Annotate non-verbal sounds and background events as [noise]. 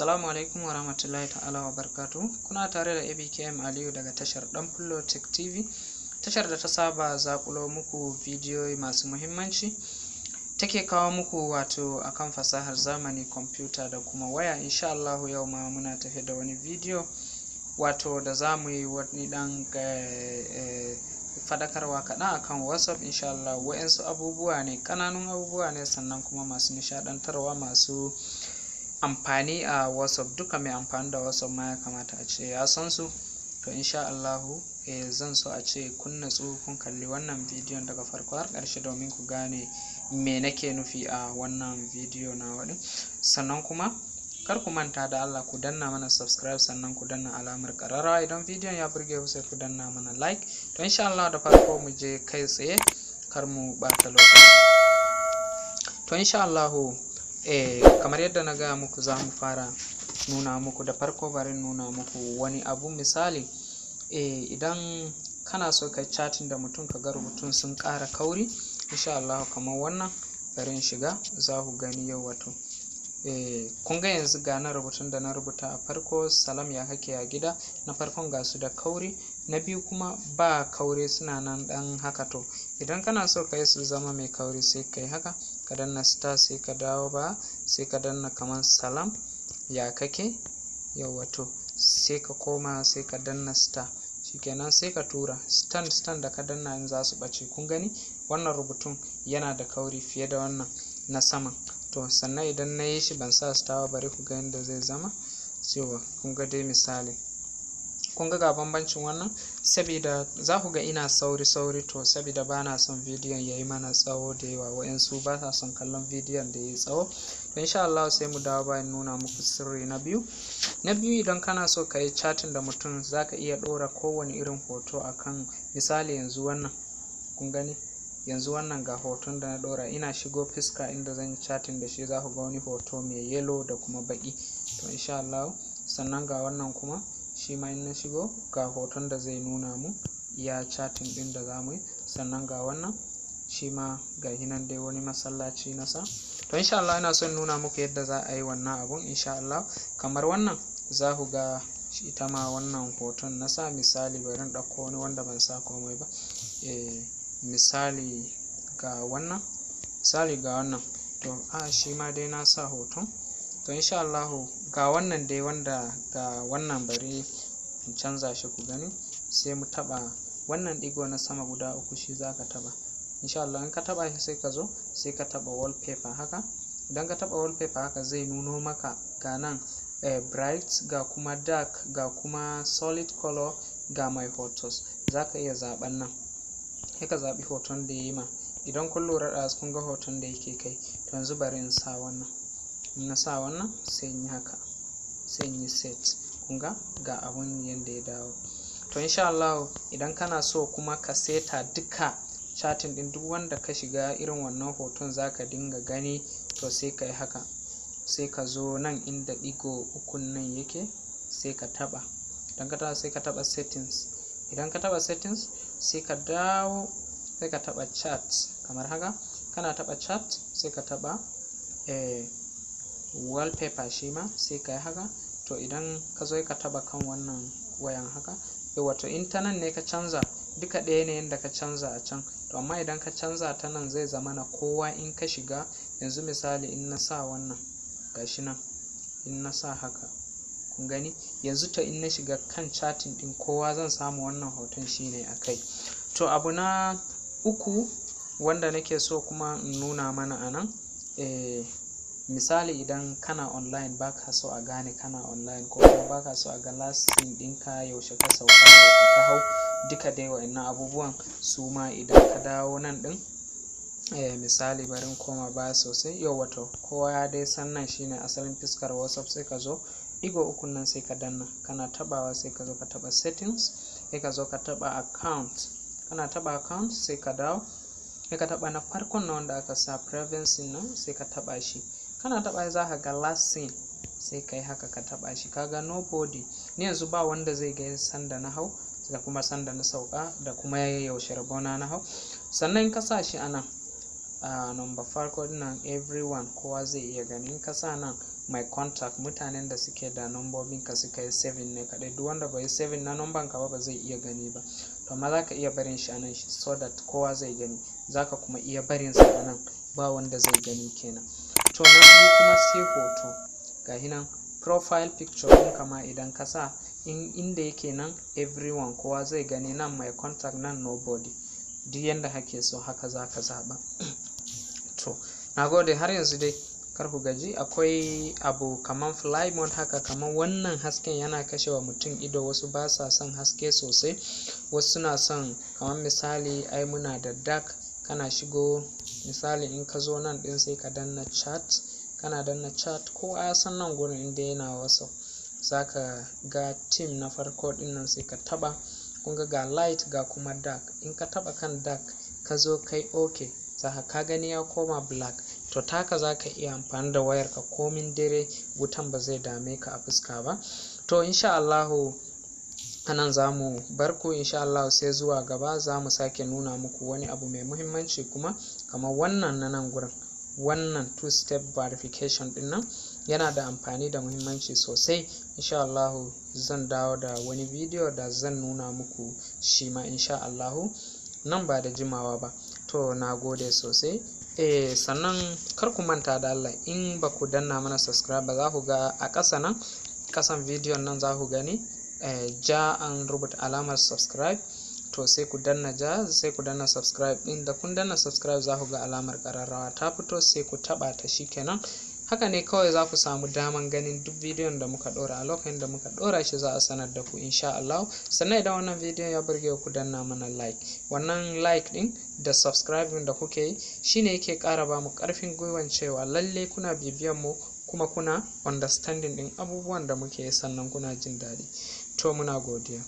Assalamu alaikum wa rahmatullahi ta'ala wa barkatu. Kuna tare da ABKM Aliyu daga tashar ɗan Tech TV, tashar da ta saba zakulo muku bidiyo masu muhimmanci. Take kawo muku wato akan fasahar zamani kwamfuta da kuma waya. Insha Allahu yau ma muna tafi da wani bidiyo wato da za mu yi wani dan eh, fadakarwa kaɗan akan WhatsApp insha Allah. Wa'ansu abubuwa ne, ƙananun abubuwa ne sannan kuma masu nishaɗantarwa masu amfani a whatsapp duka mai amfani da whatsapp ma ya kamata a ce ya san su to insha Allahu eh, zan so a ce kunna natsu kun kalli wannan bidiyon daga farko har ƙarshe domin ku gane me nake nufi a wannan bidiyo na waɗin sannan kuma kar ku manta da Allah ku danna mana subscribe sannan ku danna alamar ƙararrawa idan bidiyon ya burge ku sai ku danna mana like to insha Allah da farko mu je kai tsaye kar mu ɓata lokaci to insha Allahu eh kamar yadda na gaya muku za mu fara nuna muku da farko barin nuna muku wani abu misali eh idan kana so ka chatting da mutum ka ga rubutun sun ƙara kauri insha Allah kamar wannan bari shiga za ku gani yau wato eh kun ga yanzu ga na rubutun da na rubuta a farko salam ya kake ya gida na farkon ga da kauri na biyu kuma ba kaure suna nan dan haka to idan kana so ka su zama mai kaure sai ka haka ka danna star sai ka dawo ba sai ka danna kamar salam ya kake yawwa to sai ka koma sai ka danna star shikenan sai ka tura stand stand da ka danna in zasu su kun gani wannan rubutun yana da kauri fiye da wannan na saman to sannan idan na yi shi ban sa star ba bari ku ga yadda zai zama cewa kun ga dai misali kun ga ga bambancin wannan saboda za ku ga ina sauri sauri to saboda ba na son bidiyon ya yi mana tsawo da yawa wa'yansu ba sa son kallon bidiyon da ya yi tsawo to sha Allah sai mu dawo bayan nuna muku sirri na biyu na biyu idan kana so ka yi chatting da mutum za ka iya ɗora kowane irin hoto akan misali yanzu wannan kun gani yanzu wannan ga hoton da na ɗora ina shigo fiska inda zan yi chatting da shi za ku ga wani hoto mai yellow da kuma baƙi to insha Allah sannan ga wannan kuma shi ma in na shigo ga hoton da zai nuna mu iya chatin ɗin da za mu yi sannan ga wannan shi ma ga hinan dai wani masallaci nasa to insha Allah ina son nuna muku yadda za a yi wannan abun insha Allah kamar wannan za ku ga ita ma wannan hoton na sa misali bari in ɗauko wani wanda ban sa komai ba eh, misali ga wannan misali ga wannan to a shi ma dai na sa hoton to insha Allah ga wannan dai wanda ga wannan bari in canza shi ku gani sai mu taɓa wannan ɗigo na sama guda uku shi za ka taɓa insha Allah in ka taɓa shi sai ka zo sai ka taɓa wallpaper haka idan ka taɓa wallpaper haka zai nuno maka ga nan eh, bright ga kuma dark ga kuma solid color ga mai hotos za ka iya zaɓen nan sai ka zaɓi hoton da ya yi ma idan kun lura da kun ga hoton da yake kai to yanzu bari in sa wannan na sa wannan sai yi haka sai yi set kunga ga abun yadda ya dawo to insha Allah idan kana so kuma ka seta duka chatin din duk wanda ka shiga irin wannan hoton zaka dinga gani to sai ka yi haka sai ka zo nan inda ɗigo ukun nan yake sai ka taɓa idan ka taɓa sai ka taba settings idan ka taba settings sai ka dawo sai ka taɓa chat kamar haka kana taɓa chat sai ka taɓa eh, wallpaper shi ma sai ka haka to idan ka zo ka taba kan wannan wayan haka e wato in ta nan ne ka canza duka ɗaya ne yadda ka canza a can to amma idan ka canza ta nan zai zama na kowa in ka shiga yanzu misali in na sa wannan gashi nan in na sa haka kun gani yanzu to in na shiga kan chatting din kowa zan samu wannan hoton shine a kai to abu na uku wanda nake so kuma in nuna mana a nan eh misali idan kana online ka so a gane kana online ko kuma ka so a ga last scene ɗinka yaushe ka sauka yaushe ka hau duka dai wa'annan abubuwan su ma idan ka dawo nan ɗin eh, misali barin koma ba sosai yau wato kowa ya dai san nan shine asalin fiskar whatsapp sai ka zo digo ukun nan sai ka danna kana tabawa sai ka zo ka taba settings sai ka zo ka taba account kana taba account sai ka dawo sai ka taba na farkon na wanda aka sa privacy nan sai ka taba shi kana taɓa za ka ga last scene sai kai haka ka taɓa shi ka ga nobody ni yanzu ba wanda zai ga sanda na hau da kuma sanda na sauka da kuma yaushe rabona na hau sannan ka sa shi a nan a number farko nan everyone kowa zai iya ganin ka sa nan my contact mutanen da suke da nombobin ka suka yi 7 ne kadai duk wanda bai 7 na numban ka ba zai iya gani ba to amma zaka iya barin shi anan so that kowa zai gani zaka kuma iya barin sa anan ba wanda zai gani kenan to na biyu kuma sai hoto ga nan profile picture din kama idan ka sa inda yake nan everyone kowa zai gani nan mai contact nan nobody duk yanda kake so haka za ka zaɓa [clears throat] to nagode har yanzu dai karku gaji akwai abu kaman fly mode haka kaman wannan hasken yana kashe wa mutum ido wasu ba sa son haske sosai wasu suna son kaman misali ai muna da dark kana shigo misali in ka zo nan din sai ka danna chat kana danna chat ko a san nan gurin inda yana wasu zaka ga team na farko din nan sai ka taɓa kun ga ga light ga kuma dark in ka taɓa kan dark ka zo kai ok za ka gani ya koma black to taka za ka iya amfani da wayar ka komin dare wutan ba zai dame ka a fuska ba to insha Allahu a nan za mu bar ku insha Allah sai zuwa gaba za mu sake nuna muku wani abu mai muhimmanci kuma kamar wannan na nan gurin wannan two step verification din yana da amfani da muhimmanci sosai insha Allahu zan dawo da wani bidiyo da zan nuna muku shi ma insha Allahu nan ba da jimawa ba to na gode sosai eh sannan kar ku manta da Allah in ba ku danna mana subscribe ba za ku ga a ƙasa nan ƙasan bidiyon nan za ku gani Eh, ja an rubuta alamar subscribe to sai ku danna ja sai ku danna subscribe din da kun danna subscribe za ku ga alamar kararrawa ta fito sai ku taba ta shikenan haka ne kawai za ku samu daman ganin duk bidiyon da muka dora a lokacin da muka dora shi za a sanar da ku insha Allah sannan idan wannan bidiyon ya burge ku danna mana like wannan like din da subscribe da kuke yi shine yake ƙara ba mu ƙarfin gwiwan cewa lalle kuna bibiyan mu kuma kuna understanding din abubuwan da muke sannan kuna jin daɗi To muna godiya.